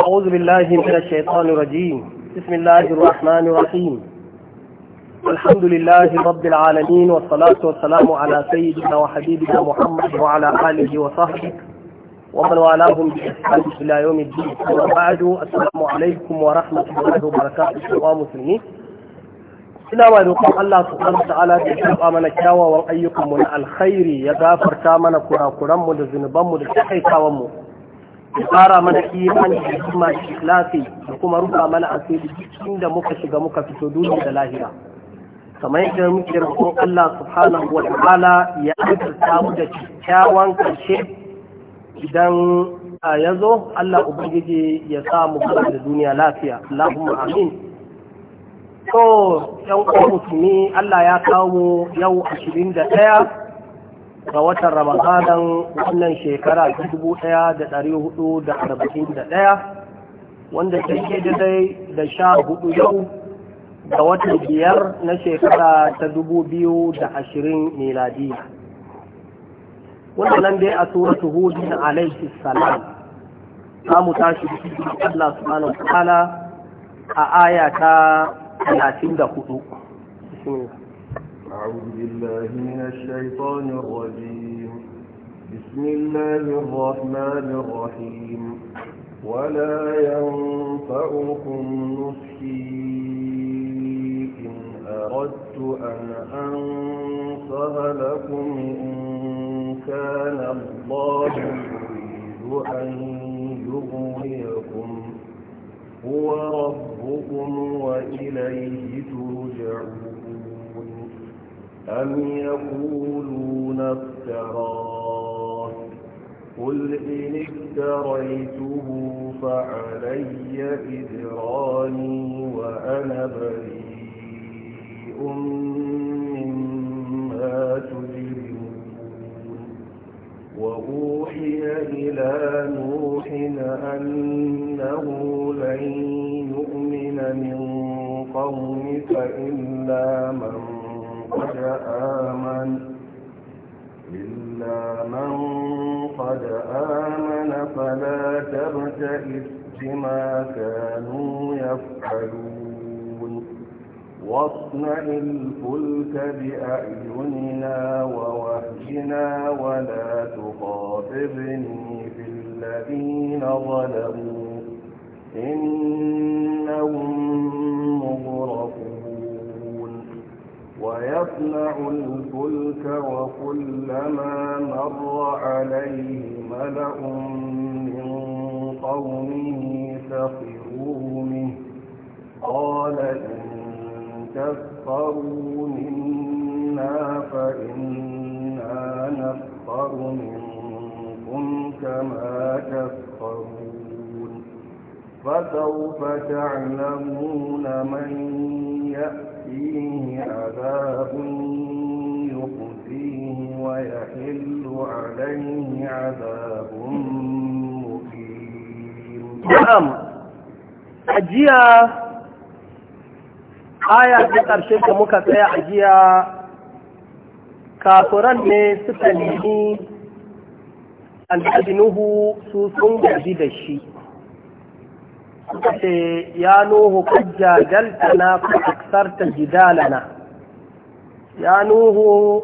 أعوذ بالله من الشيطان الرجيم بسم الله الرحمن الرحيم الحمد لله رب العالمين والصلاة والسلام على سيدنا وحبيبنا محمد وعلى آله وصحبه ومن والاهم بإحسان إلى يوم الدين وبعد السلام عليكم ورحمة الله وبركاته ومسلمين إلى ما يقول الله سبحانه وتعالى بإحسان من الشاوى وأيكم من الخير يغافر كامنا كرا كرم ذنبا ذنبا ذنبا ya fara mana imani da kuma ikhlasi da kuma rufa mana asiri inda muka shiga muka fito duniya da lahira kamar yadda muke roƙon Allah subhanahu wa ta'ala ya aikata mu da kyakkyawan karshe idan ya zo Allah ubangiji ya sa mu da duniya lafiya Allahumma amin to yan uwa musulmi Allah ya kawo yau ashirin da ɗaya ga watan ramadan wannan shekara ta dubu ɗaya da ɗari hudu da arba'in da ɗaya wanda ta ke dai da sha hudu yau ga watan biyar na shekara ta dubu biyu da ashirin miladiya wannan dai a suratu na alaihi salam za mu tashi Allah subhanahu wa ta'ala a aya ta 34 bismillah أعوذ بالله من الشيطان الرجيم بسم الله الرحمن الرحيم ولا ينفعكم نصحي إن أردت أن أنصه لكم إن كان الله يريد أن يغويكم هو ربكم وإليه ترجعون أم يقولون افتراه قل إن افتريته فعلي إذراني وأنا بريء مما تجرمون وأوحي إلى نوح أنه لن يؤمن من قومك إلا من آمن إلا من قد آمن فلا تبتئس بما كانوا يفعلون واصنع الفلك بأعيننا ووهجنا ولا تخاطبني في الذين ظلموا إنهم مغرقون ويصنع الفلك وكلما مر عليه ملأ من قومه سخروا منه قال إن تسخروا منا فإنا نسخر منكم كما تسخرون فسوف تعلمون من يأتي فيه عذاب يخزيه ويحل عليه عذاب مقيم نعم أجيا آية تقرشي كمكة أجيا kafiran ne suka nemi alhabinuhu su sun gaji da kace ya nuhu kujja jaltana ku aksarta jidalana ya nuhu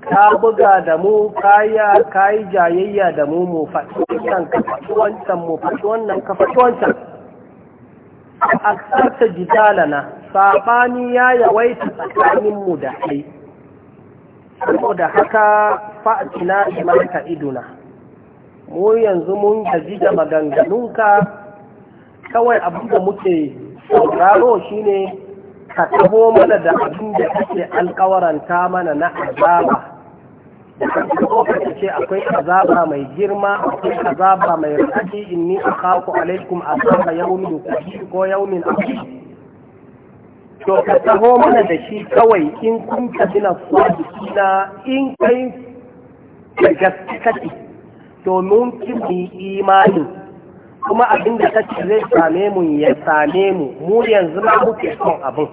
ka buga da mu kaya kayi jayayya da mu mu faɗi wannan ka faɗi wancan mu faɗi wannan ka faɗi wancan aksarta jidalana sabani ya yawaita tsakaninmu da kai saboda haka fa'atina imanta iduna mu yanzu mun gaji da maganganunka kawai abin da muke sauraro shine ka taho mana da abin da kake alkawaranta mana na azaba ka ce akwai azaba mai girma akwai azaba mai raki inni kaku alaikum azaba yawmin ko yawmin akhir to ka taho mana da shi kawai in kun ka bina sadiqina in kai da gaske to mun kin imanin. kuma abin da ta ce zai same mu ya same mu mu yanzu ma muke son abin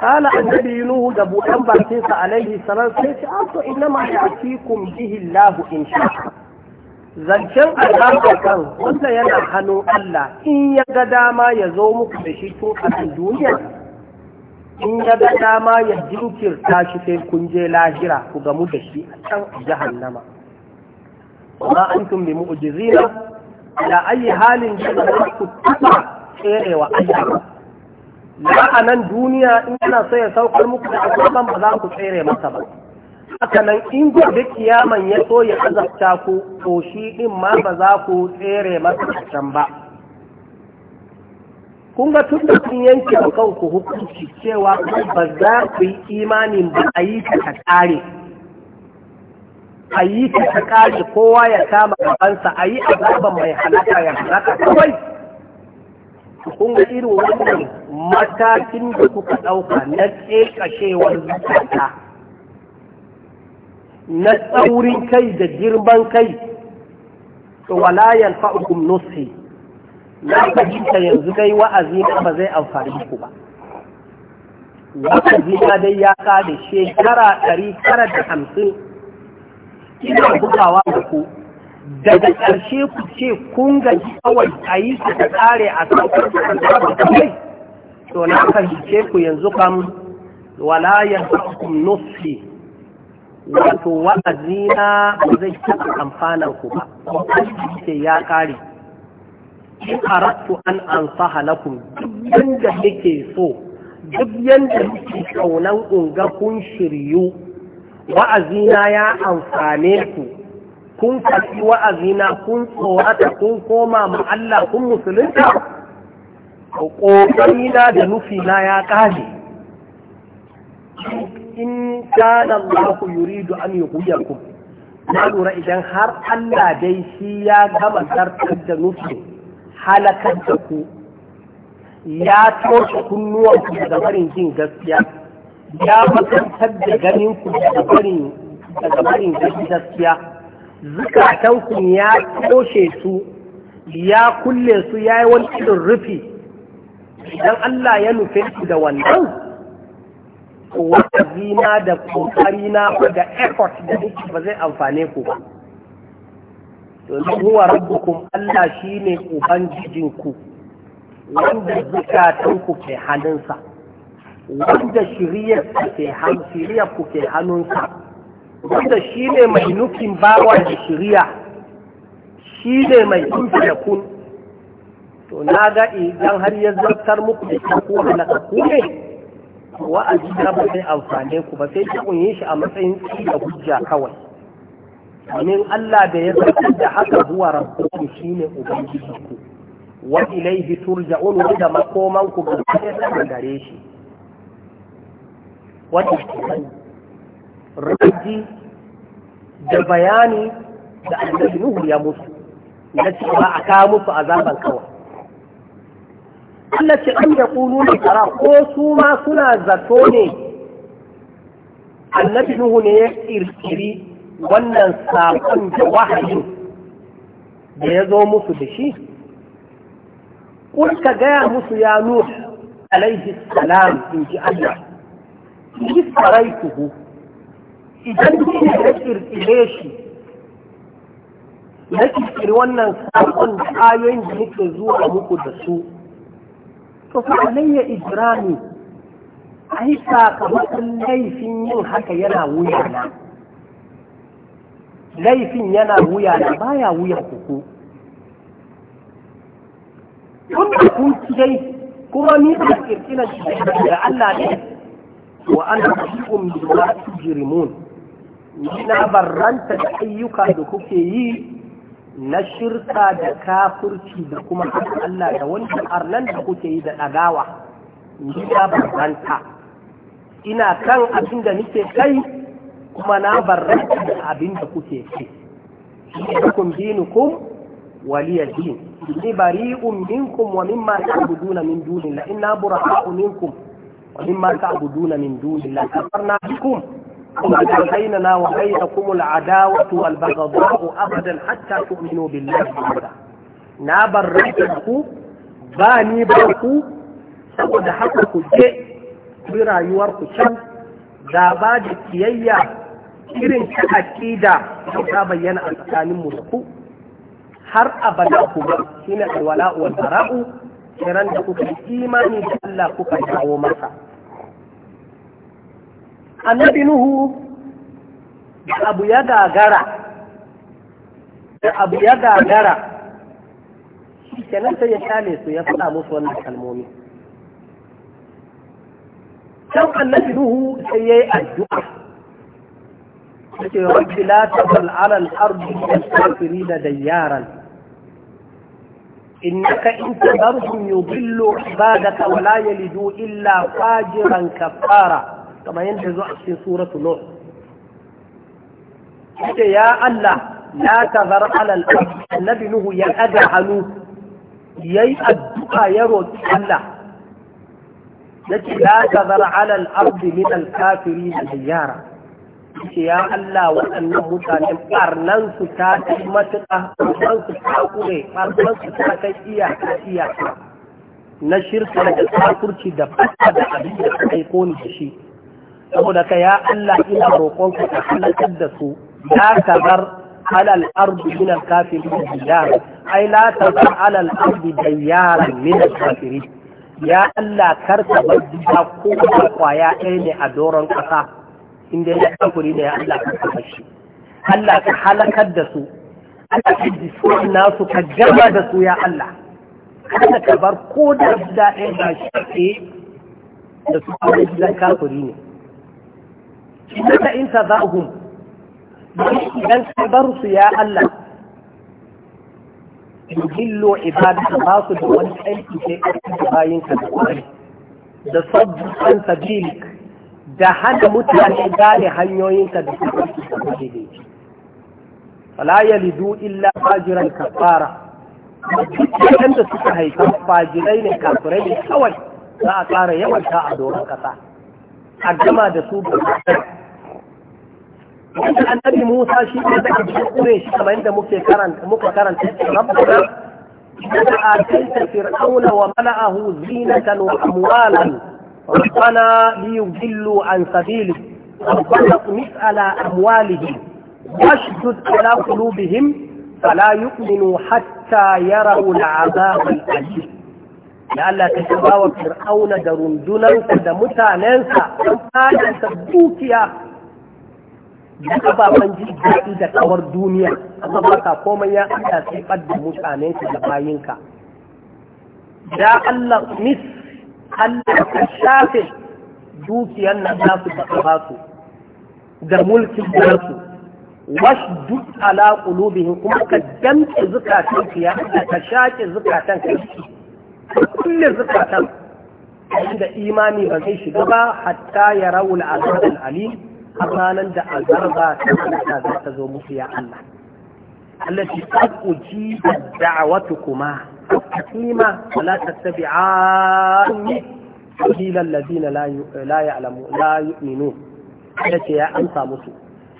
kala annabi nuhu da buɗan bakinsa alaihi salam sai ce an ah, so inna ma ya'tikum bihi Allah in sha zancen Allah kan wanda yana hannu Allah in ya ga dama ya zo muku da shi tun a duniya in ya ga dama ya jinkirta shi sai kun je lahira ku gamu da shi a can jahannama wa antum bi mu'jizina Da ayi halin gida da ku kusa tserewa Allah nan duniya in kana so ya saukar muku da azaban ba za ku tsere masa ba haka nan in gobe kiyaman ya so ya azabta ku to shi din ma ba za ku tsere masa can ba kun ga tun da kun yanke kanku hukunci cewa ba za ku yi imanin ba a yi ta kare a yi ta kowa ya kama gabansa a yi azaban mai halaka ya halaka kawai kun ga irin wannan matakin da kuka ɗauka na tsekashewar zuciya na tsaurin kai da girman kai to wala yanfa'ukum nusi na fahimta yanzu dai wa'azi na ba zai amfani ku ba wa'azi na dai ya kare shekara ɗari da hamsin ina bugawa da ku daga ƙarshe ku ce kun gaji kawai a yi su ta tsare a saukar da kai to na fahimce ku yanzu kam wala ku nufi wato wa'azi na zai taɓa amfanan ku ba kuma ce ya ƙare in arattu an ansaha lakum duk yanda yake so duk yanda yake kaunan unga kun shiryu wa'azina ya amfane ku kun fasi wa'azina kun tsorata kun koma ma kun musulunta ƙoƙarina da nufina ya ƙare in kana ku yuri an ku na lura idan har Allah dai shi ya gama zartar da nufin halakar da ku ya toshe kunnuwanku daga barin jin gaskiya ya makantar da ganin ku daga barin daga barin gaskiya zukatan ku ya toshe su ya kulle su ya yi wani irin rufi idan Allah ya nufe su da wannan wani zina da kokari na da effort da nake ba zai amfane ku ba domin huwa rabbukum Allah shine ubangijinku wanda ku ke hannunsa wanda shiriyar ke shiriyar ku ke hannunsa wanda shi ne mai nufin bawa da shiriya shi ne mai kunfi da kun to na ga idan har ya zartar muku da shi ko halaka ku ne a ji ba sai amfane ku ba sai ki kun yi shi a matsayin ci da hujja kawai domin Allah da ya zartar da haka zuwa shi shine ubangiji ku wa ilaihi turja'un da makoman ku ga sai gare shi wanda ke da bayani da annabi Nuhu ya mutu na cewa a kawo musu azaban kawai Allah ce an da kulu ne ko su ma suna zato ne annabi Nuhu ne ya kirkiri wannan saƙon da wahayin da ya zo musu da shi Kun ka gaya musu ya Nuhu alaihi salam in ji Allah ni saraituhu idan ni ya kirkire shi na kirkiri wannan sakon da ayoyin da nake zuwa muku da su to fa alayya ijrami ai sakamakon laifin yin haka yana na, laifin yana na baya wuyan kuku kun da kun kuma ni ba kirkiran shi da Allah ne wa ana cikin bima tujrimun ni na barranta da ayyuka da kuke yi na shirka da kafurci da kuma haka Allah da wani arnan da kuke yi da ɗagawa ni na barranta ina kan abin da nike kai kuma na barranta da abin da kuke kai kun dinukum waliya din ni bari'un minkum wa mimma ta'buduna min dunillahi inna burha'u minkum مما تعبدون من دون الله كفرنا بكم وقد بيننا وبينكم العداوة والبغضاء أبدا حتى تؤمنوا بالله وحده na bar ku ba ni ba ku saboda haka ku je bi rayuwar ku can ba da kiyayya irin ta aƙida ta bayyana a tsakanin mu da ku har abada ku ba shine alwala wal bara'u kiran da kuka imani da Allah kuka dawo masa annabi nuhu da abu ya gagara da abu ya gagara shi kenan sai ya kyale su ya faɗa musu wannan kalmomi can annabi nuhu sai ya yi addu'a yake rabbi la tazal ala al-ardi kafirina dayyaran innaka in tadarhum yudillu ibadaka wa la yalidu illa fajiran kafara kamar yadda zo a cikin suratu nuh yace ya Allah la tazar ala al-ard annabi nuhu ya ada hannu yayi addu'a ya roki Allah yace la tazar ala al-ard min al-kafirin diyara yace ya Allah waɗannan mutanen barnan su ta kai matuƙa barnan su ta kure barnan su ta kai iyaka na shirka da kafirci da fata da abin da kai aiko ni da shi saboda ka ya Allah ina roƙonka ka halakar da su la tabar alal ardi min al kafirin diyar ai la tabar alal ardi diyar min al kafirin ya Allah kar ka bar gida ko da kwaya ɗaya ne a doron ƙasa inda ya kafiri ne ya Allah ka kafa shi Allah ka halakar da su Allah ka jisuwa nasu ka gama da su ya Allah kada ka bar ko da gida ɗaya ba shi da su a gidan kafiri ne innaka in tadahum idan ka bar su ya Allah yudillu ibadaka ba su da wani aiki sai aiki bayin ka da kwari da sabbu an sabilik da hada mutane gane da suka da kuma daidaici fala illa fajiran kafara da suka haifa fajirai ne kafirai ne kawai za a ƙara yawan ta a doron ƙasa حجما ده سوق وقال النبي موسى شيء ده كده قريش كما انت ممكن كران ممكن كران ربنا إذا آتيت فرعون وملأه زينة وأموالا ربنا ليضلوا عن سبيله ربنا اطمس على أموالهم واشدد على قلوبهم فلا يؤمنوا حتى يروا العذاب الأليم da Allah ta shiga wa fir'auna da rundunarsa da mutanensa don fadanta dukiya da ababen ji daɗi da kawar duniya amma ba ka komai ya Allah sai ɓadda mutanensa da bayinka da Allah mis Allah ka shafe dukiyar nan su da ba su da mulkin wasu duk ala qulubihim kuma ka damke zukatan ya ka shaƙe zukatan ka kullum zukatan da imani ba zai shiga ba hatta ya rawul azab al-alim a ranar da azaba ta kanta za ta zo musu ya Allah allati qad ujiba da'watukuma hakima wala tattabi'ani ila alladhina la la ya'lamu la yu'minun allati ya amsa musu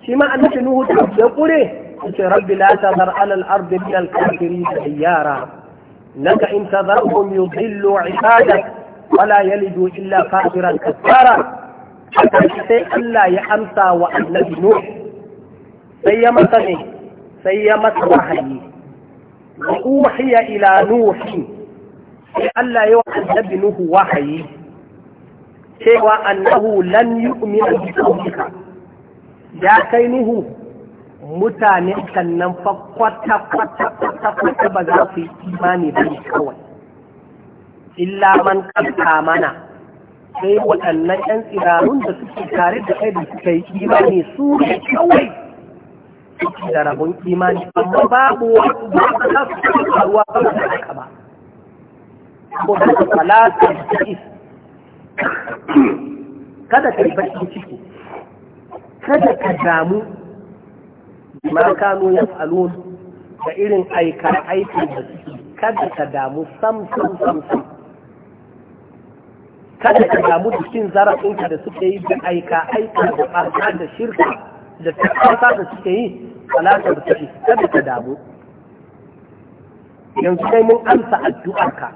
shi ma annabi nuhu da kure yace rabbi la tazar ala al-ardi min al-kafirin yara لك إن تذرهم يضلوا عبادك ولا يلدوا إلا فاجرا كفارا حتى شيء ألا يأمسى وأن نوح سيمتني سيمت وحي وأوحي إلى نوح ألا يوحد ابنه وحي سوى أنه لن يؤمن بقومك يا كينه متانئك النفق وتفق kwata ba za su yi imani ba kawai illa man kanta mana sai waɗannan 'yan tsirarun da suke tare da kai da suka yi imani su ne kawai suke da rabon imani amma babu wasu ba za su yi faruwa ba su haka ba ko da su falata da kada ka yi baƙin ciki kada ka damu ma kano ya falon da irin aikar aiki da su, kada ka damu sam sam sam sam kada ka damu cikin zarafinka da suke yi da aika aika da barka da shirka da tabbata da suke yi alaƙar da suke kada ka damu yanzu dai mun amsa addu'arka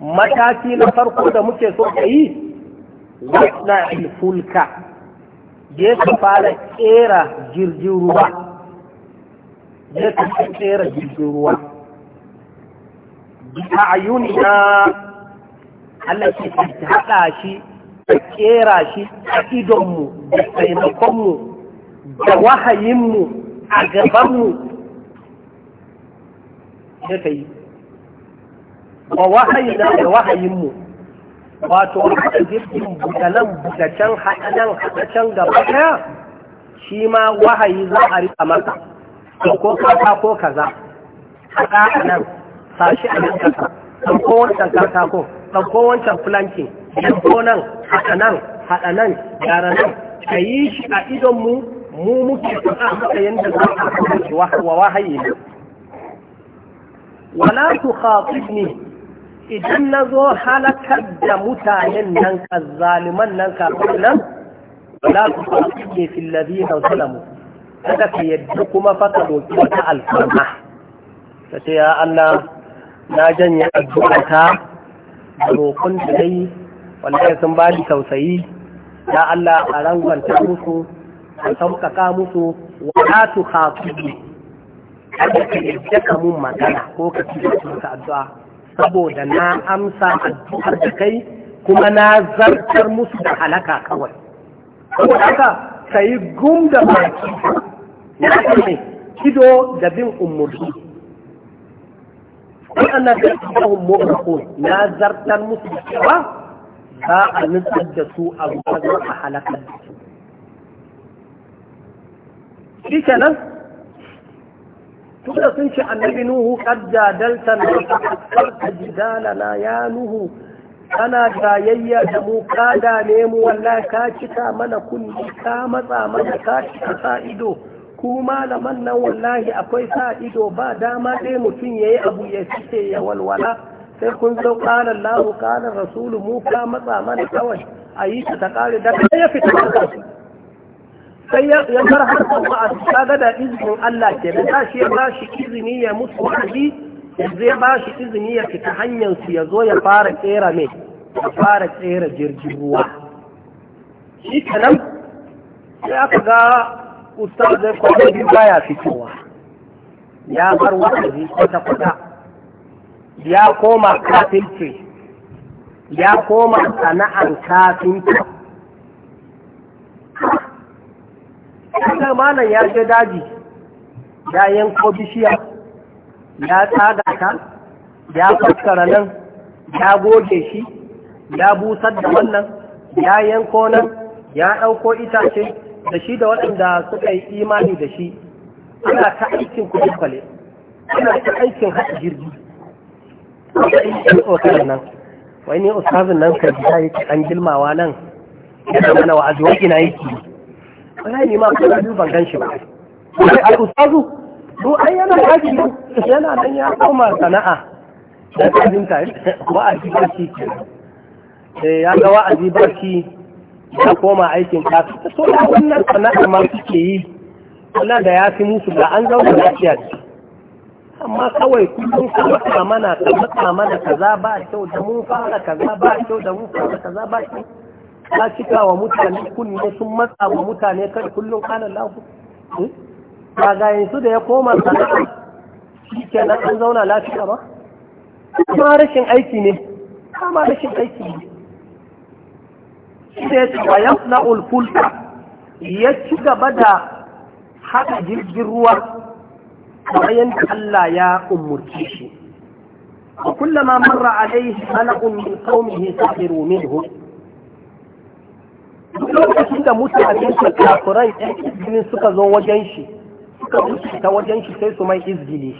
mataki na farko da muke so ka yi wasna ilfulka je ka fara kera jirgin ruwa ya tafi tsera jirgin ruwa a ayyuni na Allah ke haɗa shi ta kera shi a idonmu da taimakonmu da wahayinmu a gabanmu ya ta yi wa wahayina da wahayinmu wato haɗa jirgin bukalan bukacen haɗanan haɗacen gaba ɗaya shi ma wahayi za a rika maka. ko kata ko kaza haɗa a nan sashi a nan kasa ɗauko wancan ko ɗauko wancan fulanki ɗauko nan haɗa nan haɗa nan gyara nan ka yi shi a idonmu mu muke faɗa maka yadda za a kasance wa wahayi ne wala ku khatibni idan na zo halakar da mutanen nan ka zaliman nan kafin nan wala su ne fillabi na zalamu kada ka yadda kuma fata doki wata alfarma ta ce ya Allah na janye addu'ata da rokun da dai wallahi sun ba ni tausayi ya Allah a rangwanta musu a sauƙaƙa musu wa su tu ne kada ka yadda ka mun magana ko ka ci ka addu'a saboda na amsa addu'ar da kai kuma na zartar musu da halaka kawai saboda haka ka yi gum da baki ya ne kido da bin umurni waɗannan da ƙasahun mu'rakun na zartar musu cewa za a nutsar da su a zuwa a halakar da su shi kenan tunda sun ce annabi nuhu kadda dalta na kasar ya nuhu kana gayayya da mu ka dame mu wallahi ka cika mana kunni ka matsa mana ka cika sa ido kuma malaman nan wallahi akwai sa ido ba dama dai mutum yayi abu ya cike ya walwala sai kun zo kana Allah kana rasulu mu ka matsa mana kawai ayi ta ta kare da ya fita sai ya yar har ba a ga da izinin Allah ke da shi ya ba shi izini ya mutu wa'azi yanzu ya ba shi izini ya fita hanyar su ya zo ya fara tsera mai ya fara tsera jirgin ruwa shi nan sai aka ga ustaz zai kwallo biyu baya fitowa ya bar zai kwata-kwata ya koma kafinci ya koma sana'ar kafinta kaga malam ya je daji ya yanko bishiya ya tsada ta ya fassara nan ya goge shi ya busar da wannan ya yanko nan ya ɗauko itace da shi da waɗanda suka yi imani da shi ana ta aikin kudin kwale ana ta aikin haɗa jirgi ana aikin tsotar nan wai ne ustazin nan ka ji yake ɗan gilmawa nan yana mana wa'azi wa ina yake wani ne ma kuma ban gan shi ba wai al ustazu to ai yana aji yana nan ya koma sana'a da ta wa'azi ba shi ke eh, ya ga wa'azi ba shi ya koma aikin kafi ta so da wannan sana'a ma suke yi wannan da ya fi musu da an zauna lafiya ce amma kawai kullum ka matsa mana ka matsa mana kaza ba kyau da mun fara kaza ba kyau da mun fara kaza ba kyau ka cika wa mutane kunne sun matsa wa mutane kan kullum kana lahu kaga yanzu da ya koma sana'a shi ke nan an zauna lafiya ba kuma rashin aiki ne kama rashin aiki ne shi da ya ce wa ya ci gaba da haɗa jirgin ruwa bayan da Allah ya umurce shi وكلما مر عليه ملأ من قومه سخروا Duk lokacin da mutanen kafirai ɗan suka zo wajen shi suka wuce ta wajen shi sai su mai izgili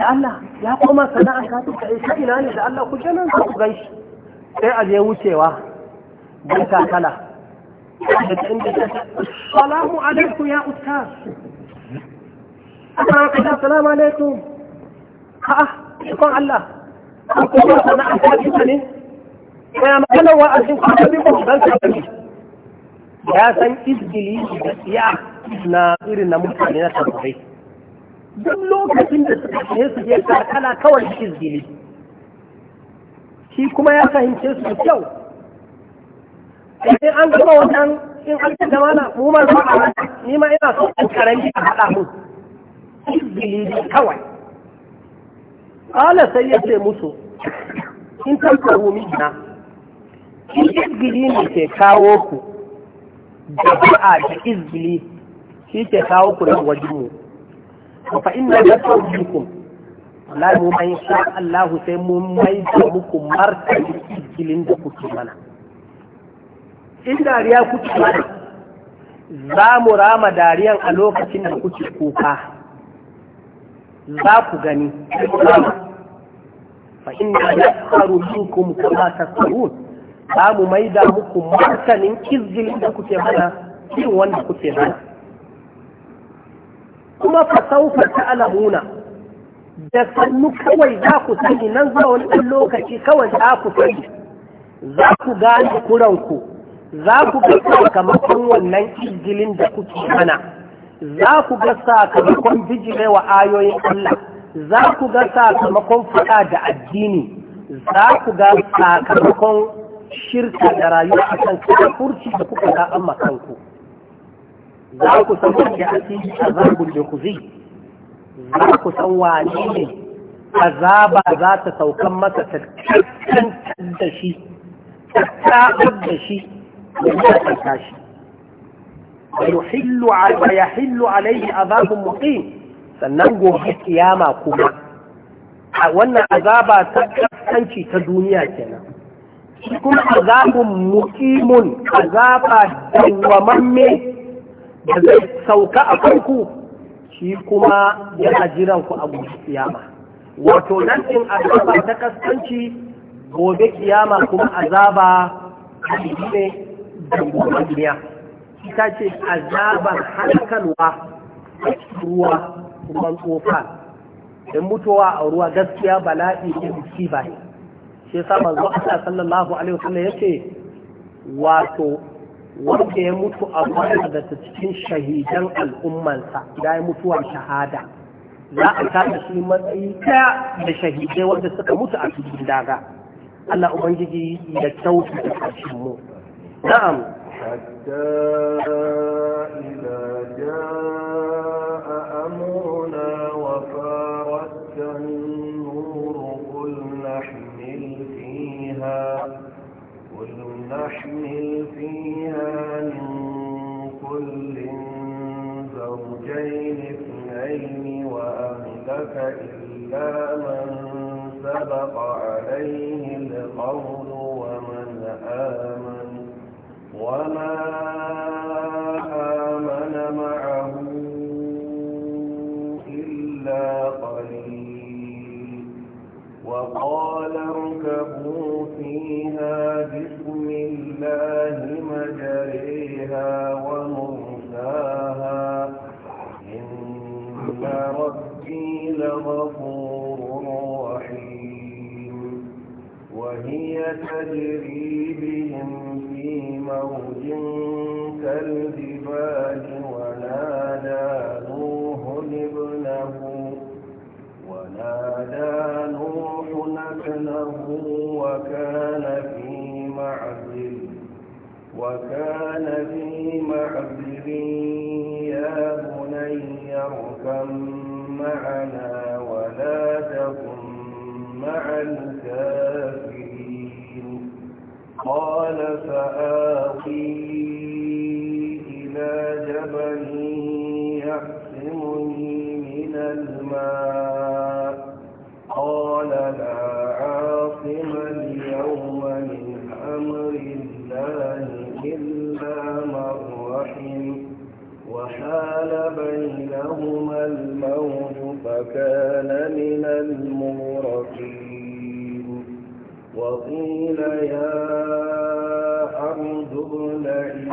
Allah ya koma sana'a ka tuka ita ina ne da Allah ku kenan ku gan shi sai a je wucewa dan kakala salamu alaikum ya ustaz assalamu alaikum a'a shukran Allah an kuma sana'a ka tuka ne ya magana wa a cikin kwanan bin ku dan ya san izgili da siya na irin na mutane na tabbai duk lokacin da suka ce su je karkana kawai izgili shi kuma ya fahimce su kyau in an gama wajen in an kada mana mu ma za a ni ma ina so in karanci a haɗa mu izgili kawai ala sai ya ce musu in tantahu mijina in izgili ne ke kawo ku da ba'a da izgili shi ke kawo ku nan wajen mu fa inna nasrukum wallahi mu mai sha Allah sai mu mai da muku martani cikin da kuke mana in dariya kuke mana za mu rama dariyan a lokacin da kuke kuka za ku gani fa inna nasru minkum ta tasrun za mu mai da muku martanin izgilin da kuke mana irin wanda kuke mana kuma fa saufa ta'lamuna da sannu kawai za ku sani nan zuwa wani ɗan lokaci kawai za ku sani za ku gane kuranku za ku ga sakamakon wannan izgilin da kuke mana za ku ga sakamakon wa ayoyin Allah za ku ga sakamakon fada da addini za ku ga sakamakon shirka da rayuwa a kan kafurci da kuka ga kanku za ku san wanda da ku zai za ku san wane ne azaba za ta saukan masa ta kankan da shi ta tabar da shi da ya tsaka shi ويحل ويحل عليه عذاب مقيم sannan gobe kiyama kuma a wannan azaba ta kankanci ta duniya kenan kuma azabun muqimun azaba dawwamamme da zai sauka a farko shi kuma yana jiran ku a kiyama wato nan din azaba ta kaskanci gobe kiyama kuma azaba a ne da gobe duniya ita ce azaban halkalwa a ruwa kuma tsofa in mutuwa a ruwa gaskiya bala'i da musiba ne shi yasa manzo Allah sallallahu alaihi wasallam yace wato wanda ya mutu a bayan da cikin shahidan al'ummansa da ya mutuwar shahada za a tada shi matsayi da shahidai wanda suka mutu a cikin daga Allah Ubangiji ya kyautu da ƙarshen mu na'am حتى إلا من سبق عليه القول ومن آمن وما آمن معه إلا قليل وقال اركبوا فيها بسم الله مجريها ومرساها إن رب ربي لغفور رحيم وهي تجري بهم في موج كالجبال ونادى نوح ابنه ونادى نوح ابنه وكان في معزل وكان في معزل يا بني اركم معنا ولا تكن مع الكافرين قال فآقي إلى جبلي وكان من المورقين وقيل يا أرض ابلعي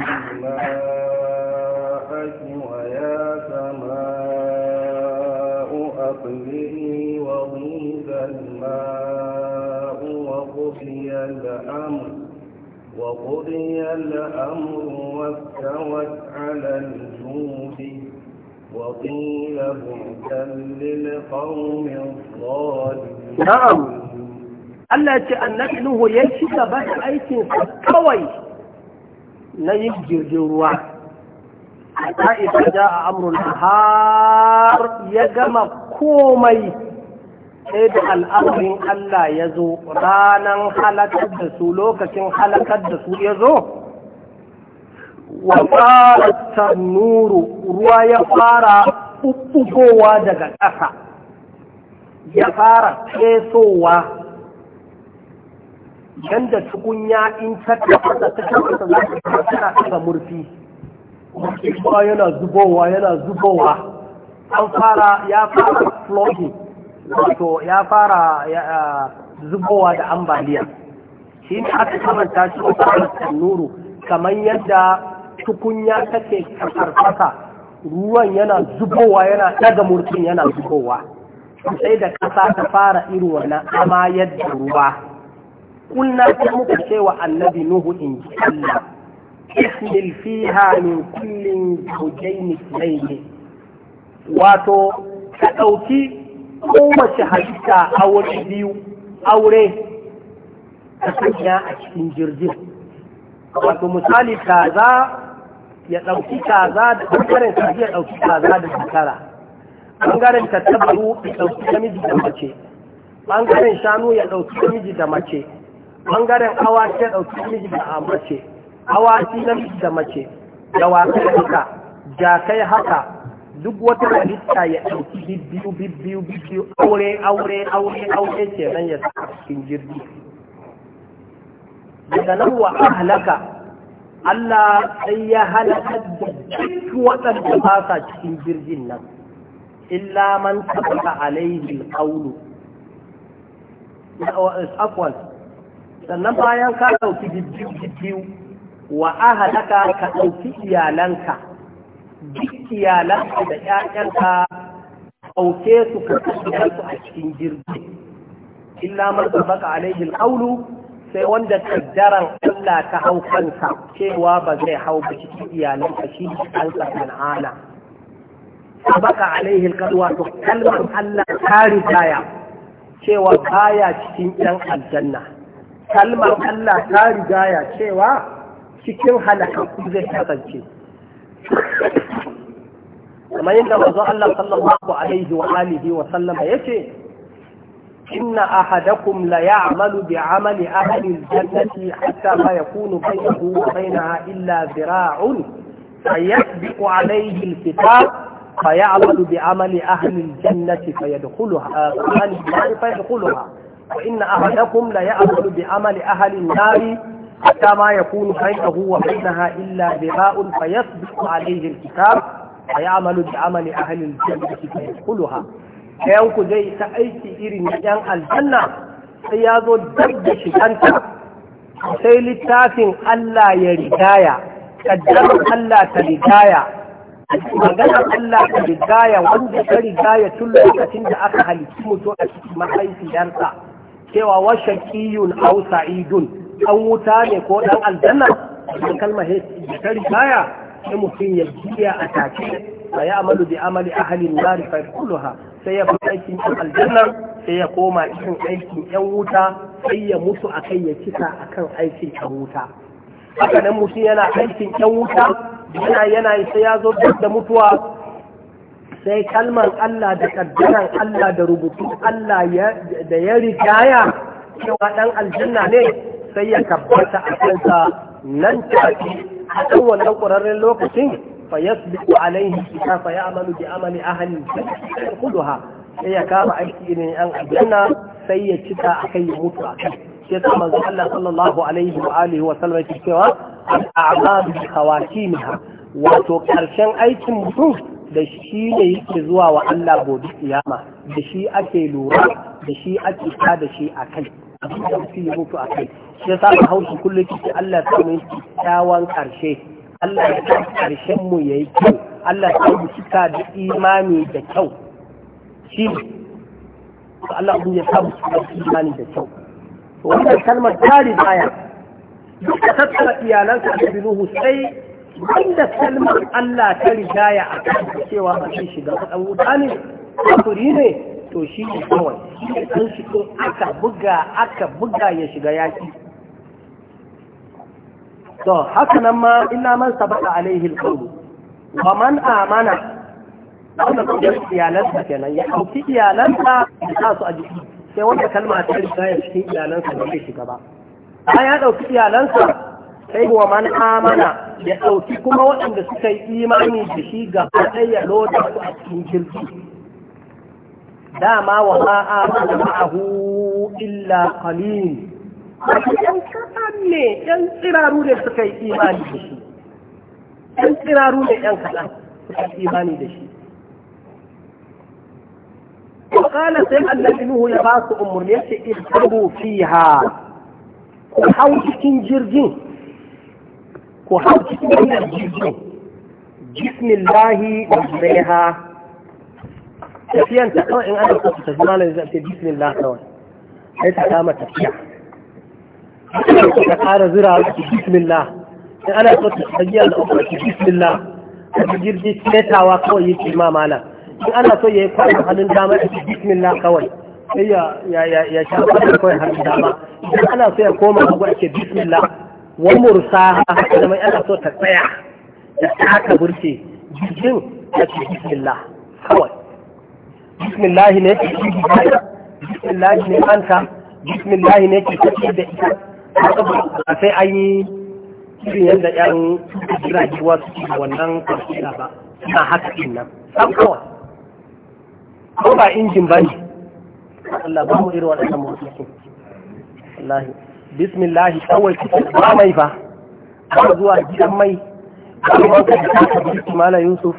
ماءك ويا سماء أقبلي وغيب الماء وقضي الأمر وقضي الأمر واستوت على الجود وقيل Allah ce annabi Nuhu ya ci gaba da aikinsa kawai na yin jirgin ruwa. Ta isa ja a amurin har ya gama komai sai da al'amarin Allah ya zo ranar halakar da su lokacin halakar da su ya zo. wa fara ruwa ya fara ɓuɓɓugowa daga ƙasa ya fara fesowa yadda tukunya in ta tafasa ta tafasa za ta murfi ruwa yana zubowa yana zubowa an fara ya fara flooding wato ya fara zubowa da ambaliya shi ne aka kamanta shi a nuru kamar yadda tukunya take karfasa ruwan yana zubowa yana daga murkin yana zubowa sai da ƙasa ta fara irin na amma yadda ruwa kuna ta muka cewa annabi nuhu in ji Allah Ismil fiha min kullin zawjayn ithnayn wato ka shi kowace halitta wani biyu aure ka sanya a cikin jirgin wato misali kaza ya ɗauki kaza da ɓangaren ta ya ɗauki kaza da zakara ɓangaren tattabaru ya ɗauki namiji da mace ɓangaren shanu ya ɗauki namiji da mace ɓangaren awaki ya ɗauki namiji da mace awaki namiji da mace Da dawakai haka jakai haka duk wata halitta ya ɗauki bibbiyu bibbiyu bibbiyu aure aure aure aure nan ya saka cikin jirgi daga nan wa ahlaka Allah sai ya halakar da duk waɗanda ba sa cikin jirgin nan, illa man tabbata alaihi ƙaunu. Afwan, sannan bayan ka ɗauki jijjiyu wa ahalaka ka ɗauki iyalanka, duk iyalanka da ‘ya'yanka ɗauke su ka kashe su a cikin jirgin. Illa man tabbata alaihi ƙaunu sai wanda kaddaran Allah ta hau kansa cewa ba zai hau ba cikin ka shi kansa kan'ana sabaka alaihi alqadwa to kalmar Allah ta ridaya cewa baya cikin yan aljanna kalmar Allah ta ridaya cewa cikin halakaku zai kasance kamar yadda manzo Allah sallallahu alaihi wa alihi wa sallama yace إن أحدكم ليعمل بعمل أهل الجنة حتى ما يكون بينه وبينها إلا ذراع فيسبق عليه الكتاب فيعمل بعمل أهل الجنة فيدخلها فيدخلها وإن أحدكم ليعمل بعمل أهل النار حتى ما يكون بينه وبينها إلا ذراع فيسبق عليه الكتاب فيعمل بعمل أهل الجنة فيدخلها ɗayan ku zai ta aiki irin ɗan aljanna sai ya zo dab da shiganta sai littafin Allah ya rigaya kaddarar Allah ta rigaya maganar Allah ta rigaya wanda ta rigaya tun lokacin da aka halittu mutu a cikin mahaifiyarsa cewa wa shaqiyun aw sa'idun an wuta ne ko ɗan aljanna da kalmar ta rigaya sai mutum ya jiya a take fa ya amalu bi amali a halin nar fa sai ya fi aikin yan aljanna sai ya koma irin aikin yan wuta sai ya mutu a kai ya cika a kan aikin yan wuta haka nan mutum yana aikin yan wuta yana yana sai ya zo da mutuwa sai kalmar Allah da kaddaran Allah da rubutu Allah da ya rigaya cewa ɗan aljanna ne sai ya tabbata a kansa nan take a ɗan wannan ƙwararren lokacin فيسبق عليه الكتاب فيعمل بعمل أهل يدخلها sai ya kama aiki irin yan aljanna sai ya cika a kai ya mutu a sai ta manzo Allah sallallahu alaihi wa wato ƙarshen aikin mutum da shi ne yake zuwa wa Allah gobe kiyama da shi ake lura da shi ake ta da shi a kai abin da mutum ya mutu a kai sai ta haushi kullum ki Allah ta mu ƙarshe. karshe Allah ya sa ƙarshen mu yi kyau Allah ya yi mu cika da imani da kyau shi Allah ya sa mu cika da imani da kyau wannan kalmar ta rigaya duka tattara iyalansa a Nuhu sai wanda kalmar Allah ta rigaya a kan cewa ba shi shiga ɗan wuta ne kafiri ne to shi ne kawai shi ne ɗan shi aka buga aka buga ya shiga yaki to haka nan ma illa man sabata alaihi alqawl wa man amana wanda kuma iyalansa kenan ya dauki iyalansa ya sa su a jiki sai wanda kalma ta riga ya cikin iyalansa da zai shiga ba bayan ya dauki iyalansa sai wa man amana ya dauki kuma waɗanda suka yi imani da shi gaba ɗaya loda su a cikin jirgi dama wa ma amana ma'ahu illa qalil yan kaɗan ne yan tsiraru ne suka yi imani da shi yan tsiraru ne yan kaɗan suka yi imani da shi وقال سيد الذي نوه يباس أمر يسئ فيها وحاول جرجين وحاول جرجين بسم الله وجريها tafiyan ta kawai in ana so ta ji malam zai ce bismillah tafiya ka ƙara zura a bismillah in ana so ta tsagiya da uku ki bismillah ka jirgi fetawa kawai yake ma mala in ana so ya yi kwana hannun dama ki bismillah kawai sai ya ya ya ya sha kawai hannun dama in ana so ya koma hagu ake bismillah wa mursaha da mai ana so ta tsaya da taka burce jirgin ake bismillah kawai bismillah ne bismillah ne anta bismillah ne ke tafi da ita sai an yi irin yadda yan wasu wannan kwasila ba na haka nan ko ba injin ba ne Allah ba irin waɗannan Allah bismillah kawai ba mai ba zuwa gidan mai wanka da mala yusuf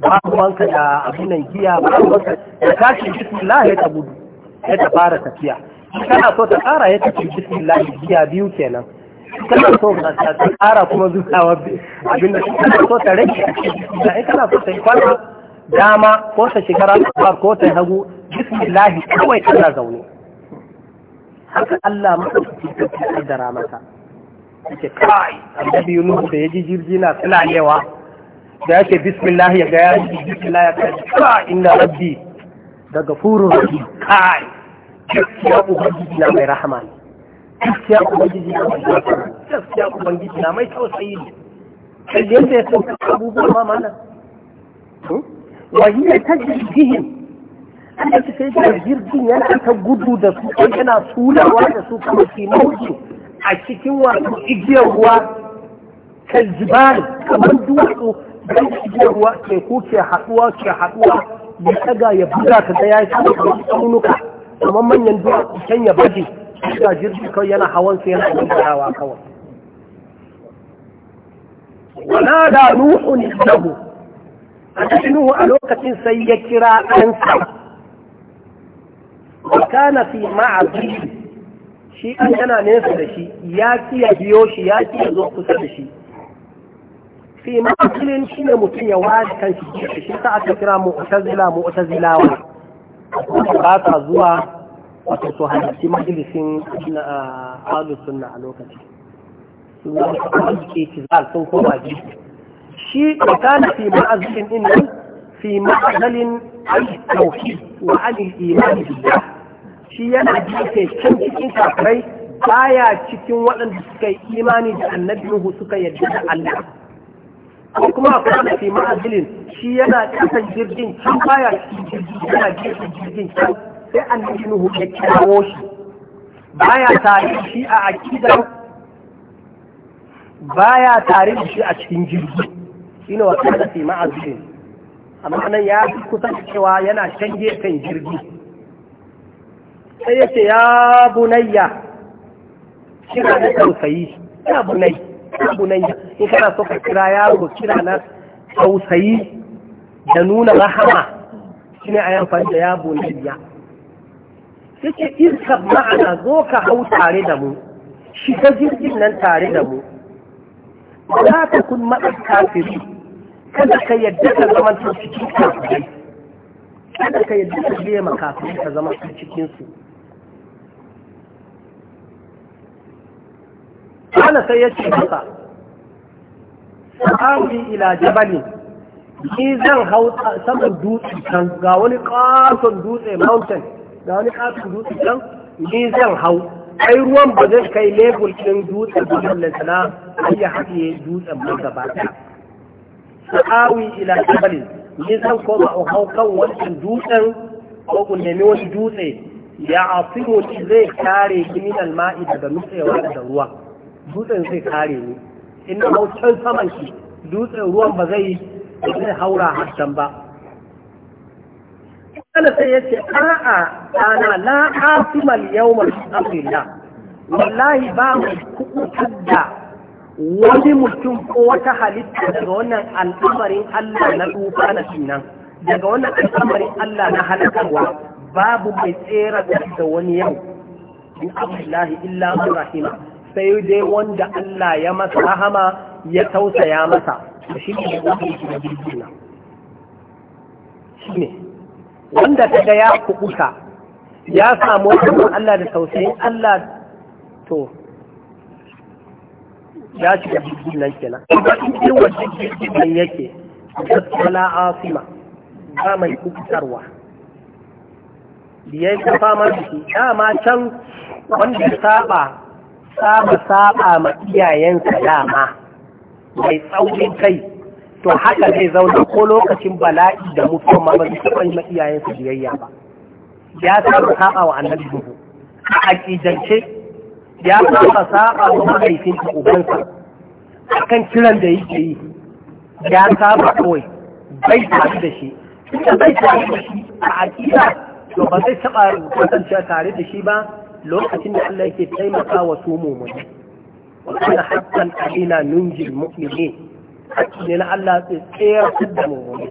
ba wanka da giya ba wanka da bismillah ya ya ta fara tafiya kana so ta ƙara ya tafi bismillah biya biyu kenan kana so ta ƙara kuma zuwa abin da kana so ta rage da ai kana so ta kwana dama ko ta shekara kafar ko ta hagu bismillah kawai kana zaune haka Allah maɗaukaki ta kaddara masa yake kai annabi Yunus da ya ji jirgi na tsalayewa da yake bismillah ya ga ya bismillah ya kai inna rabbi daga furun kai gaskiya ubangiji na mai rahama ne gaskiya ubangiji na mai gaskiya ubangiji na mai tausayi ne sai yadda ya sauka abubuwa ma mana ne ta jirgin an da sai da jirgin yana ta gudu da su kai yana sulawa da su kuma kimauci a cikin wasu igiyar ruwa kaljibar kamar duwatsu don igiyar ruwa ku ke haɗuwa ke haɗuwa ya ɗaga ya buga ka da ya yi kamar tsaunuka kamar manyan duwatsu can ya baje ga jirgi kawai yana hawan sai yana gudanawa kawai wana da nuhu ne dahu a cikin nuhu a lokacin sai ya kira ɗansa wa na fi ma'abi shi an yana nesa da shi ya kiya biyo shi ya kiya zo kusa da shi fi ma'abilin shi ne mutum ya ware kan shi shi sa aka kira mu'tazila mu'tazilawa ba zuwa wato su halarci majalisin na alu sunna a lokaci sun zama kamar ke ci za sun koma ji shi tsakanin fi ma'azin din nan fi ma'azalin tauhid wa anil imani billah shi yana ji can cikin kafirai baya cikin waɗanda suka yi imani da annabi suka yarda da Allah ko kuma a fara fi ma'azilin shi yana kasan jirgin can baya cikin jirgin yana gefen jirgin can sai yi nuhu ya kirawo shi baya tare shi a akidar baya tare da shi a cikin jirgi shine wa kana fi ma'azilin amma nan ya fi kusan cewa yana can gefen jirgi sai ya ce ya bunayya kira na tausayi ya bunayya ya bunayya in kana so ka kira yaro kira na tausayi da nuna rahama ne a amfani da ya bunayya yake iska ma'ana zo ka hau tare da mu shi ta jirgin nan tare da mu za ta kun matsar kafiri kada ka yadda ka zama cikin kafirai kada ka yadda ka biya ka zama cikin su kala sai ya ce masa sa'awi ila jabali ni zan hau saman dutse can ga wani katon dutse mountain ga wani katon dutse can ni zan hau ai ruwan ba zai kai lebul ɗin dutsen ba lallata na ai ya haɗe dutsen ba gaba sa'awi ila jabali ni zan koma in hau kan wancan dutsen ko ku nemi wani dutse ya mutu zai kare kimin alma'i daga nutsewar da ruwa dutsen zai kare ni in na saman shi dutsen ruwan ba zai zai haura hassan ba kana sai yace a'a ana la asimal yawma amrillah wallahi ba mu kukutar da wani mutum ko wata halitta daga wannan al'amarin Allah na dufa na sinan daga wannan al'amarin Allah na halakarwa babu mai tsera da wani yau in abu illa rahima sai dai wanda Allah ya masa rahama ya tausaya masa shi ne wanda yake da jirgina shi ne wanda ta ga ya kukuta ya samu wani Allah da tausayin Allah to ya shiga jirgin nan kenan ba cikin wajen jirgin nan yake wala asima ba mai kukutarwa biyai ta fama da shi dama can wanda ya saba saba saba ma iyayensa dama mai tsaunin kai to haka zai zauna ko lokacin bala'i da mutuwa ma ba zai taɓa ma iyayensa biyayya ba ya saba saba wa annabi duhu a aƙidance ya saba saba wa mahaifinsa ubansa akan kiran da yake yi ya saba kawai bai tafi da shi ita bai tafi da shi a aƙida to ba zai taɓa kasancewa tare da shi ba lokacin da Allah yake taimaka wa su mumuni wa kana haqqan alina nunjil mu'minin hakki ne na Allah sai tsayar da mumuni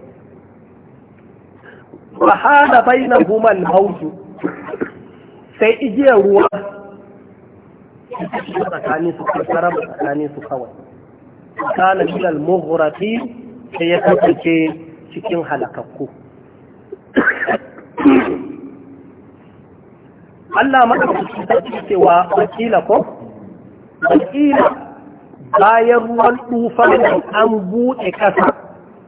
wa hada bainahuma al-mawju sai igiyar ruwa tsakanin su karkara tsakanin su kawai kana bilal mughrafi sai ya kasance cikin halakakku Allah maɗaukaki sarki cewa wakila ko wakila bayan ruwan tufan nan an buɗe ƙasa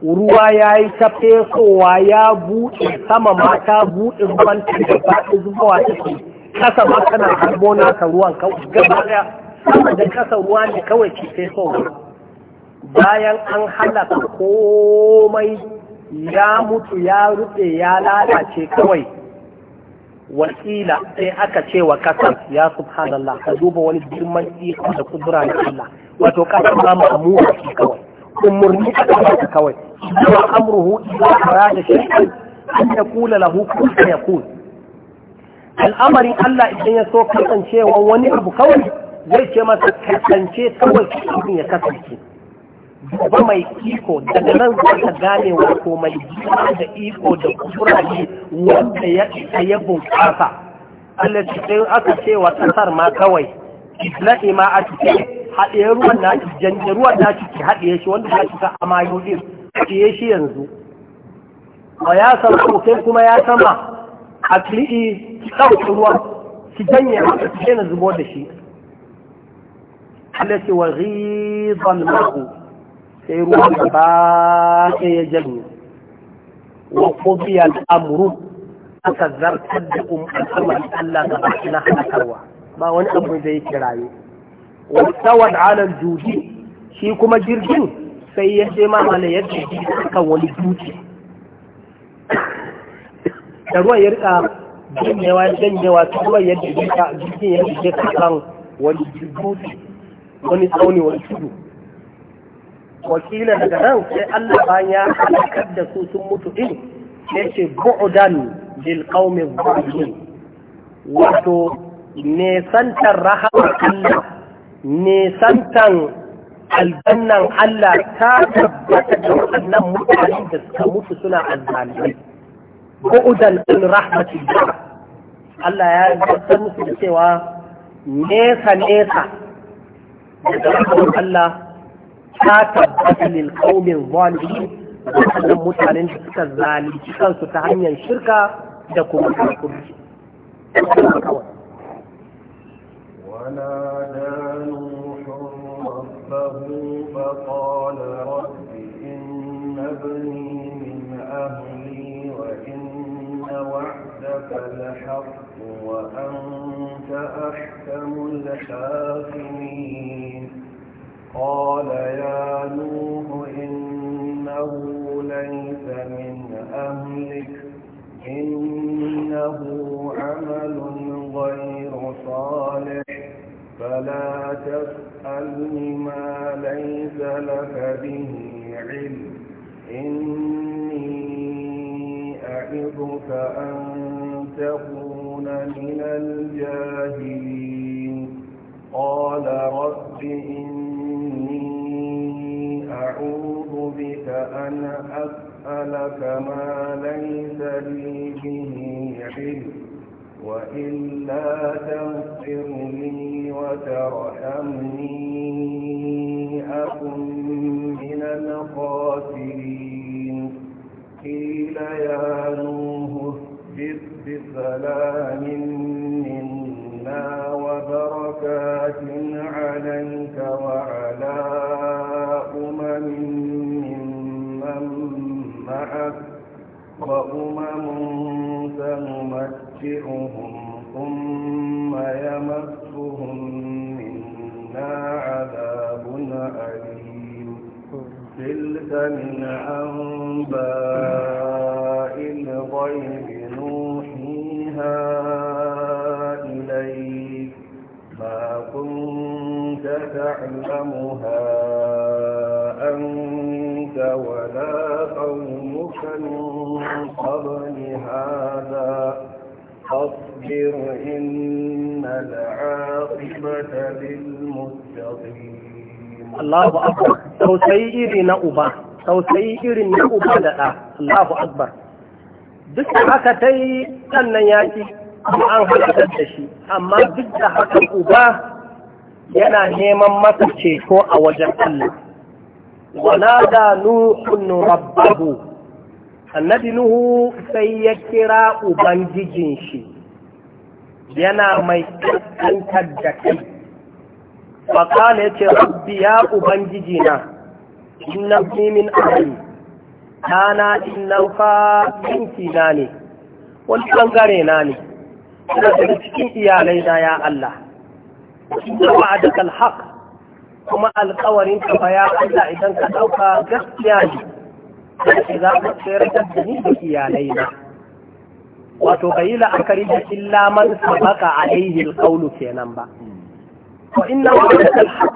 ruwa ya yi ta fesowa ya buɗe sama ma ta buɗe ruwan ta gaba zuwa take Ƙasa ma kana harbo nasa ruwan kawai gaba ɗaya sama da ƙasa ruwa ne kawai ke fesowa bayan an halaka komai ya mutu ya rufe ya lalace kawai wakila sai aka ce wa kasar ya subhanallah ka duba wani girman iko da kudura na Allah wato kasar ma ma'amura ce kawai umurni a kasar kawai wa amruhu idza arada shay'an an yaqula lahu kun fayakun al'amari Allah idan ya so kasancewa wani abu kawai zai ce masa kasance kawai abin ya kasance ba mai iko daga nan za ka gane wa ko mai da iko da kurare wanda ya isa ya bunƙasa Allah ce sai aka ce wa kasar ma kawai isla'i ma a cike haɗe ruwan na ci janje ruwan na ci haɗe shi wanda ya cika a amayo din haɗe shi yanzu wa ya san sosai kuma ya sama a kli'i ɗauki ruwan ki janye haka ki zubo da shi Allah ce wa ghizan sai ruwa gaba ɗaya janye wa kofiyar amru aka zartar da umar um-, Allah gaba na halakarwa ba wani abu da yake raye wa tsawon ala juji shi kuma jirgin sai ya ce ma mana yadda shi kan wani dutse da ruwan ya rika janyewa janyewa ta ruwan yadda jirgin ya rike kan wani dutse wani tsauni wani tudu wakila daga nan sai Allah baya ya halakar da su sun mutu din sai ce bu'dan lil qaumi zalimin wato nesantar rahama Allah nesantan albannan Allah ta tabbata da waɗannan mutane da suka mutu suna azzalimai bu'dan an rahmatillah Allah ya zartar musu da cewa nesa nesa daga rahmar Allah ta tabbata lil qaumin zalimin wannan mutanen da suka zalunci kansu ta hanyar shirka da kuma kafirci ونادى نوح ربه فقال رب إن ابني من أهلي وإن وعدك الحق وأنت أحكم الحاكمين قال يا نوح إنه ليس من أهلك إنه عمل غير صالح فلا تسألني ما ليس لك به علم إني أعظك أن تكون من الجاهلين قال رب إن أعوذ بك أن أسألك ما ليس لي به حل وإلا تغفر لي وترحمني أكن من الخاسرين قيل يا نوح اهبط بسلام منا وبركات عليك وعلى الحق وأمم سنمتعهم ثم يمسهم منا عذاب أليم تلك من أنباء الغيب نوحيها إليك ما كنت تعلمها من قبل هذا فاصبر إن العاقبة للمتقين الله أكبر توسيئر نأبا توسيئر نأبا لأ الله أكبر duk da haka ta yi sannan ya ci an halakar da shi amma duk da haka uba yana neman masa ceto a wajen Allah wana da nuhun rabbahu annabi nuhu sai ya kira ubangijin shi yana mai kankantar da kai faƙala ya ce rabbi ya ubangiji na inna min ahli kana innan fa yanki na ne wani ɓangare na ne ina daga cikin iyalai na ya Allah inda wa'adaka alhaq kuma alƙawarin ka ya Allah idan ka ɗauka gaskiya ne sai za ka tsere da ni da iyalai na wato ka yi la'akari da illa man a alaihi alqawlu kenan ba wa inna wa'adaka alhaq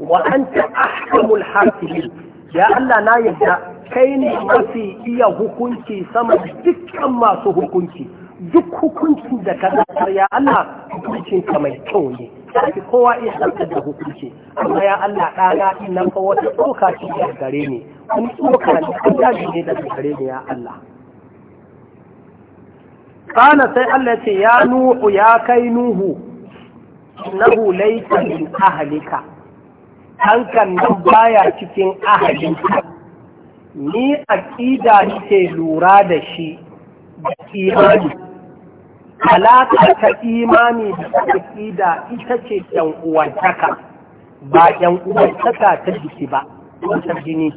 wa anta ahkamul hakimin ya Allah na yadda kai ne mafi iya hukunci sama dukkan masu hukunci duk hukuncin da ka ya Allah hukuncin ka mai kyau ne ki kowa iya ɗaukar da hukunci amma ya Allah ɗaga in nan fa wata tsoka ce da gare ni kun tsoka ne kun daji ne da gare ni ya Allah kana sai Allah ce ya nuhu ya kai nuhu innahu laysa min ahlika hankan nan baya cikin ahalinka ni aqida ce lura da shi da imani alaka ta imani da aƙida ita ce yan uwantaka ba yan uwantaka ta jiki ba ta jini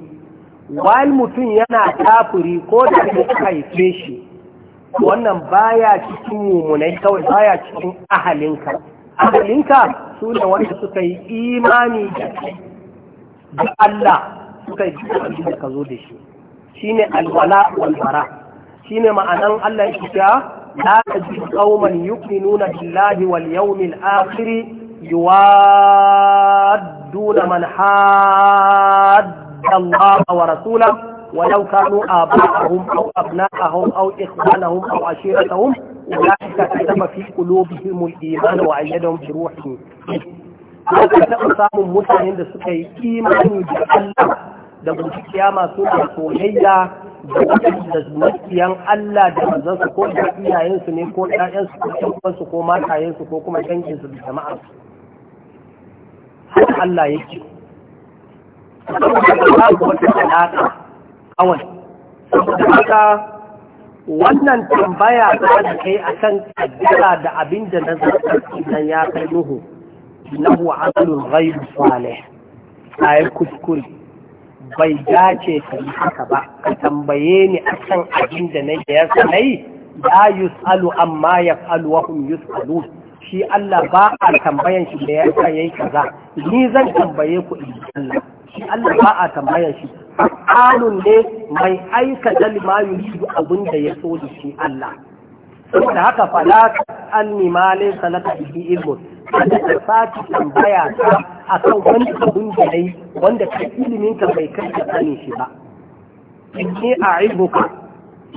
wal mutum yana tafuri ko da ta haife shi wannan baya cikin mummunai kawai baya cikin ahalinka ahalinka su ne wanda suka yi imani da Allah suka yi abin da ka zo da shi Shi ne alwala wal bara shine ma'anan Allah ya لا تجد قوما يؤمنون بالله واليوم الآخر يوادون من حاد الله ورسوله ولو كانوا آباءهم أو أبناءهم أو إخوانهم أو عشيرتهم أولئك كتب في قلوبهم الإيمان وأيدهم بروحه. Haka taɓa samun mutanen da suka yi imani da Allah da gobe kiyama suna soyayya da waɗanda makiyan Allah da manzansu ko da iyayensu ne ko ɗayansu, ko ƴan'uwansu ko matayensu ko kuma danginsu da jama'a haka Allah ya ce, wata kawai saboda haka wannan tambaya ta da kai akan kaddara da abin da na zartar idan ya kai nuhu nahu amalul ghaibu a yi kuskure bai dace ka yi haka ba ka tambaye ni a kan abin da na ya sanai la yus'alu amma yaf'alu wa yi Alu. shi Allah ba a tambayan shi da ya sa yayi kaza ni zan tambaye ku in Allah shi Allah ba a tambayan shi alun ne mai aikata yi yuridu abin da ya so da shi Allah saboda haka fala an nima ma salata laka bihi ilmun kada ka fata tambaya ta a kan wani abin da yi wanda ka ilimin ka bai kai ka sani shi ba inni a ka?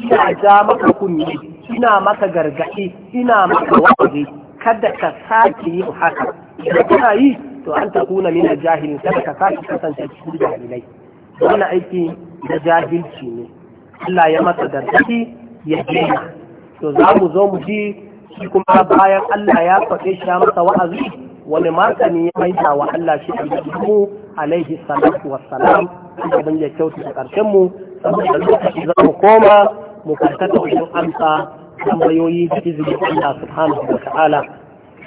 ina ja maka kunni ina maka gargaɗi ina maka wa'azi kada ka sake yi haka idan kana yi to an ta kuna mina jahilin kada ka sake kasance cikin jahilai wani aiki na jahilci ne Allah ya masa gargaɗi ya daina to za mu zo mu ji shi kuma bayan Allah ya faɗe shi masa wa'azi wani makami ya maida wa Allah shi mu alaihi salatu wassalam abin ya kyautu da ƙarshen mu saboda lokaci za mu koma mu karkata wajen amsa tambayoyi da izinin Allah subhanahu wa ta'ala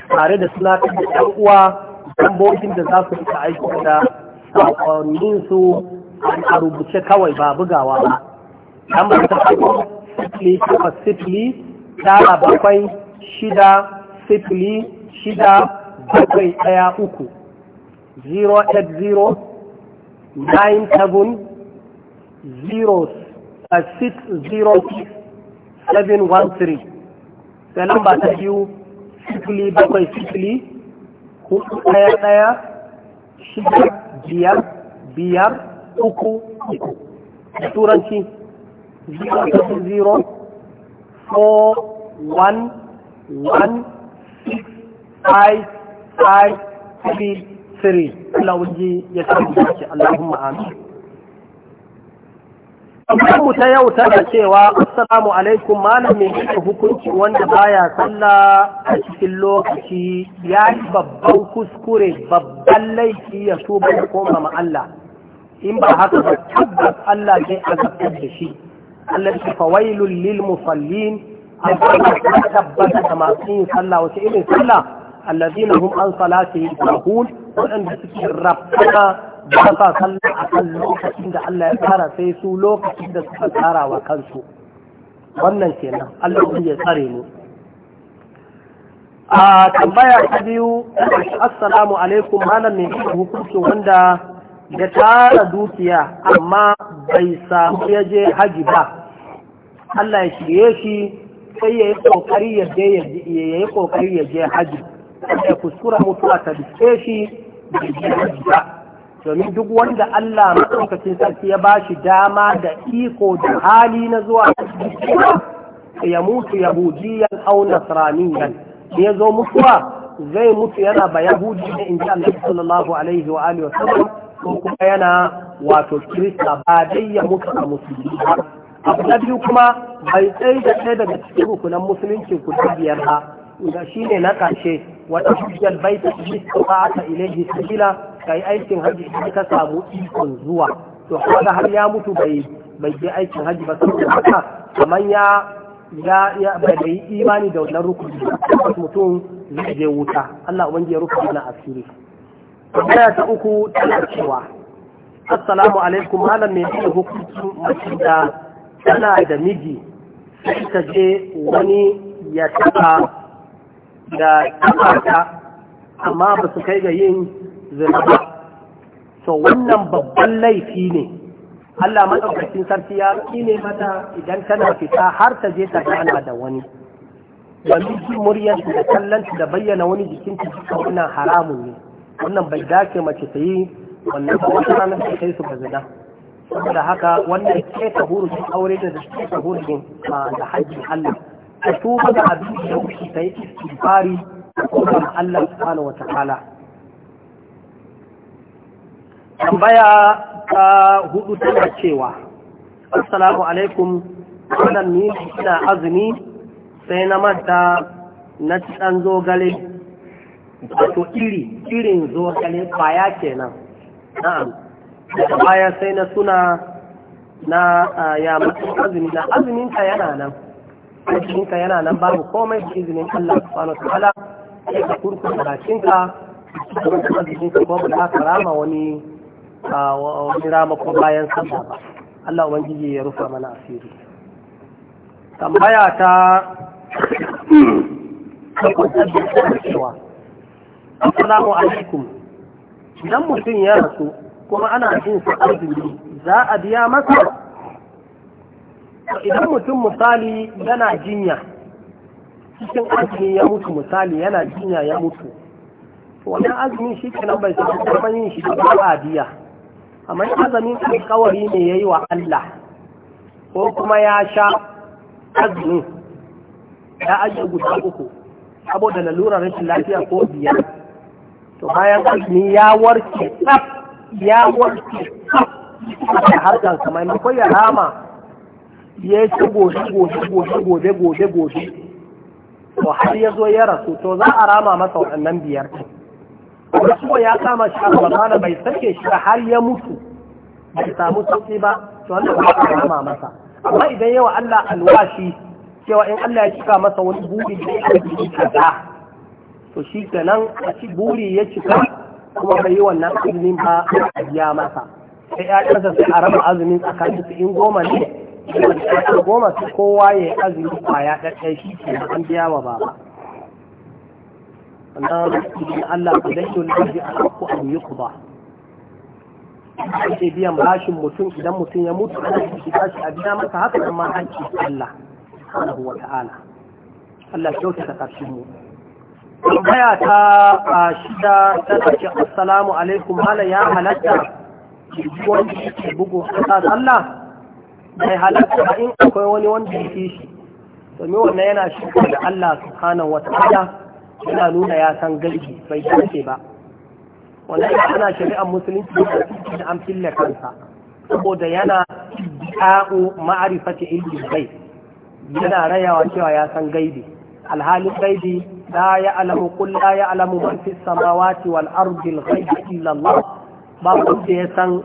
tare da sunatar da ɗan uwa tambobin da za su fita aiki da su a rubuce kawai ba bugawa ba. Tambar ta farko sifili takwas sifili tara bakwai shida sifili shida bakwai ɗaya uku 080 97 uh, 606 713 sai lamba ta biyu sifili bakwai sifili hudu ɗaya ɗaya shida biyar biyar uku uku turanci one six five five ya samu dace Allahumma amin Kamar mu ta yau tana cewa Assalamu alaikum malam mai hukunci wanda baya sallah a cikin lokaci ya yi babban kuskure babban laifi ya tuba ya koma ma Allah in ba haka ba tabbas Allah zai azabtar da shi Allah ya fawailul lil musallin tabbata da masu yin sallah wace irin sallah allazina hum an salati sahun waɗanda suke rabbana ba sa sallah a kan lokacin da Allah ya tsara sai su lokacin da suka tsara wa kansu wannan kenan Allah ya tsare mu a tambaya ta biyu assalamu alaikum malam ne hukuncin wanda ya tara dukiya amma bai samu ya je haji ba Allah ya shirye shi sai ya yi kokari ya je ya yi kokari ya je haji ya kuskura mutuwa ta dike shi da je haji ba domin duk wanda Allah maɗaukacin sarki ya ba shi dama da iko da hali na zuwa ya mutu yahudiyan au nasraniyan ya zo mutuwa zai mutu yana ba yahudi ne in ji Allah sallallahu alaihi wa alihi wa sallam ko kuma yana wato kirista ba dai ya mutu a musulmi ba abu na biyu kuma bai tsaye da ɗaya daga cikin rukunan musulunci guda biyar ba da shi ne na ƙarshe wata hujjar bai ta yi tsawa ta ilaihi sabila ka yi aikin hajji idan ka samu ikon zuwa to kaga har ya mutu bai bai je aikin hajji ba saboda haka kamar ya ya ya bai yi imani da wannan rukuni mutum zai je wuta Allah ubangiji ya rufe mana asiri tambaya ta uku tana cewa assalamu alaikum malam me yake hukuncin mutum da tana da miji sai ta je wani ya taɓa da taɓa amma ba su kai ga yin zina ba to wannan babban laifi ne Allah maɗaukacin sarki ya ne mata idan tana fita har ta je ta gana da wani domin jin muryarta da kallonta da bayyana wani jikinta cikin wannan haramun ne wannan bai dace mace ta yi wannan ba wata ranar ta kai su ga zina saboda haka wannan ke ta hurumin aure da ah, da ke ta hurumin da haji Allah ta tuba da abin da wuce ta yi istighfari kuma Allah subhanahu wa ta'ala tambaya ta hudu tana cewa assalamu alaikum wannan ni ina azumi sai na manta na dan zogale wato iri irin zogale kwaya kenan na'am daga baya sai na suna na ya mutu azumi na azuminka yana nan azuminka yana nan babu komai da izinin Allah subhanahu wa ta'ala sai ka kurku bakinka don ka azuminka ko ba za ka rama wani wani rama ko bayan sallah ba Allah ubangiji ya rufa mana asiri tambaya ta Assalamu alaikum idan mutum ya rasu kuma ana jin su arziki za a biya masa idan mutum misali yana jinya cikin azumi ya mutu misali yana jinya ya mutu to wannan azumin shi kenan bai su kuma yin shi da ba biya amma azumin alkawari ne ya yi wa Allah ko kuma ya sha azumin ya ajiye guda uku saboda lalurar rashin lafiya ko biyar to bayan azumi ya warke tsaf ya wanke a harkar kamar ko ya rama ya ci gobe gobe gobe gobe gobe gobe to har ya zo ya rasu to za a rama masa waɗannan biyar wasu ya kama shi a zamana bai sake shi har ya mutu bai samu sauki ba to wanda ba a rama masa amma idan yawa Allah alwashi cewa in Allah ya cika masa wani buri da ya kaza to shi kenan a ci buri ya cika kuma bai yi wannan azumin ba a biya masa sai ya ƴaƴansa sai a raba azumin tsakanin su in goma ne in goma su kowa ya yi azumi kwaya ɗaɗɗai shi ke an biya wa baba sannan idan Allah ku dai yau lafi a ku an yi ku ba ake biyan bashin mutum idan mutum ya mutu ana shi bashi a biya masa haka kuma an ci Allah subhanahu wa ta'ala Allah kyauta ta ƙarshen mu tambaya ta a shida ta ɗauki assalamu alaikum hala ya halatta wanda yake bugu ta sallah mai halatta ba in akwai wani wanda yake shi domin wannan yana shirka da Allah subhanahu wata'ala yana nuna ya san gaibi bai dace ba wannan ana shari'ar musulunci da an fille kansa saboda yana ta'u ma'arifati ilmi bai yana rayawa cewa ya san gaibi alhalin gaibi لا يعلم قل لا يعلم من في السماوات والأرض الغيب إلا الله باب سيسان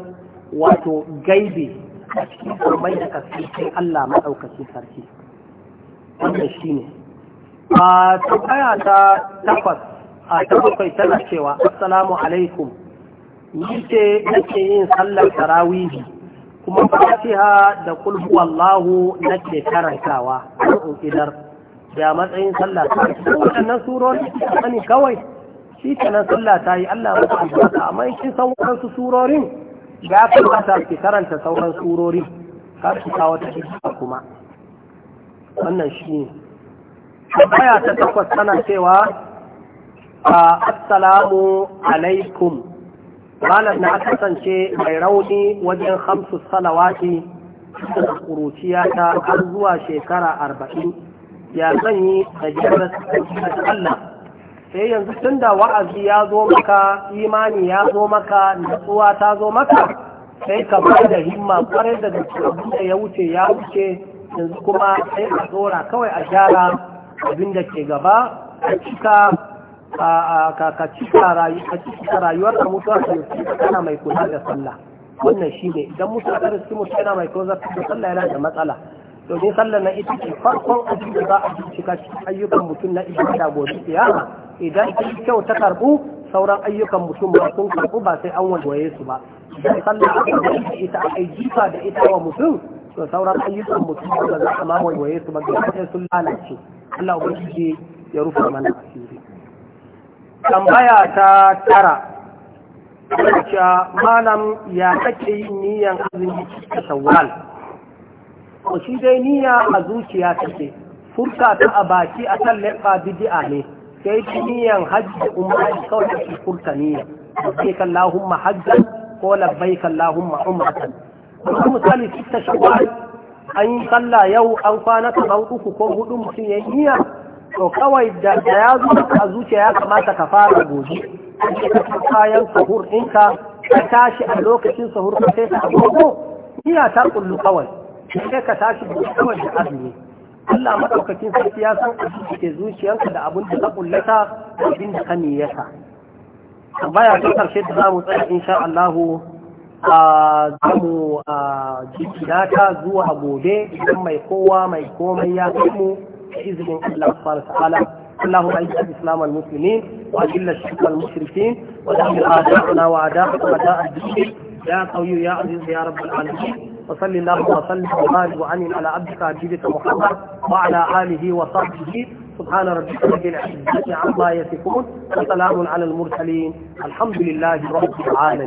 واتو غيبي ومن كسيسي ألا ما أو sarki wannan shi ne a tambaya ta takwas a ta tana cewa assalamu alaikum ni ce nake yin sallar tarawihi kuma fatiha da kulhu wallahu nake karantawa don idar da matsayin sallah ta yi waɗannan surori sani kawai shi ta nan sallah ta yi Allah mata albarka amma in kin san waɗansu surorin ya kamata ki karanta sauran surorin kar ki kawo ta hijira kuma wannan shi ne baya ta takwas tana cewa a assalamu alaikum malam na kasance mai rauni wajen hamsu salawati da kuruciya ta har zuwa shekara arba'in ya zan yi da jirar Allah sai yanzu tun da wa'azi ya zo maka imani ya zo maka natsuwa ta zo maka sai ka ba da himma kwarai da abin da ya wuce ya wuce yanzu kuma sai a tsora kawai a gyara abin da ke gaba a cika ka cika rayuwar da mutuwa ka yi kana mai kula da sallah wannan shi ne idan mutuwa ta riski mutuwa yana mai kula da sallah yana da matsala domin sallar na ita ce farkon abin da za a bincika cikin ayyukan mutum na ita ibada gobe kiyama idan ta kyau ta karbu sauran ayyukan mutum ba sun karbu ba sai an wajoye su ba idan sallar aka da ita a jifa da ita wa mutum to sauran ayyukan mutum ba za a ma wajoye su ba ga sun lalace Allah ubangiji ya rufe mana asiri tambaya ta tara cewa malam ya kake yin niyan azumi a shawwal to shi dai niyya a zuciya take furka ta a baki a kan leɓa bidi'a ne sai ta niyyan hajji da umara kawai da shi furta niyya sai kan lahumma hajjan ko labbai kan lahumma umratan kuma misali su ta shawar an yi sallah yau an kwana kamar uku ko hudu mutum ya niyya to kawai da ya zo a zuciya ya kamata ka fara gobe ka kayan sahur ɗinka ka tashi a lokacin sahur ka sai ta agogo niyya ta kullu kawai sai ka tashi musamman da azumi Allah madaukakin sarki ya san abin da ke zuciyarka da abin da ka kullata da abin da amma ya ta karshe da zamu tsaya insha Allah a zamu a jikirata zuwa gobe idan mai kowa mai komai ya samu da izinin Allah subhanahu wa ta'ala اللهم اعز الاسلام والمسلمين واذل الشرك والمشركين ودعم اعداءنا واعداءك اعداء الدين يا قوي يا عزيز يا رب العالمين وصلي اللهم وسلم وبارك وانعم على عبدك عبدك محمد وعلى اله وصحبه سبحان ربك رب العزه عما يصفون وسلام على المرسلين الحمد لله رب العالمين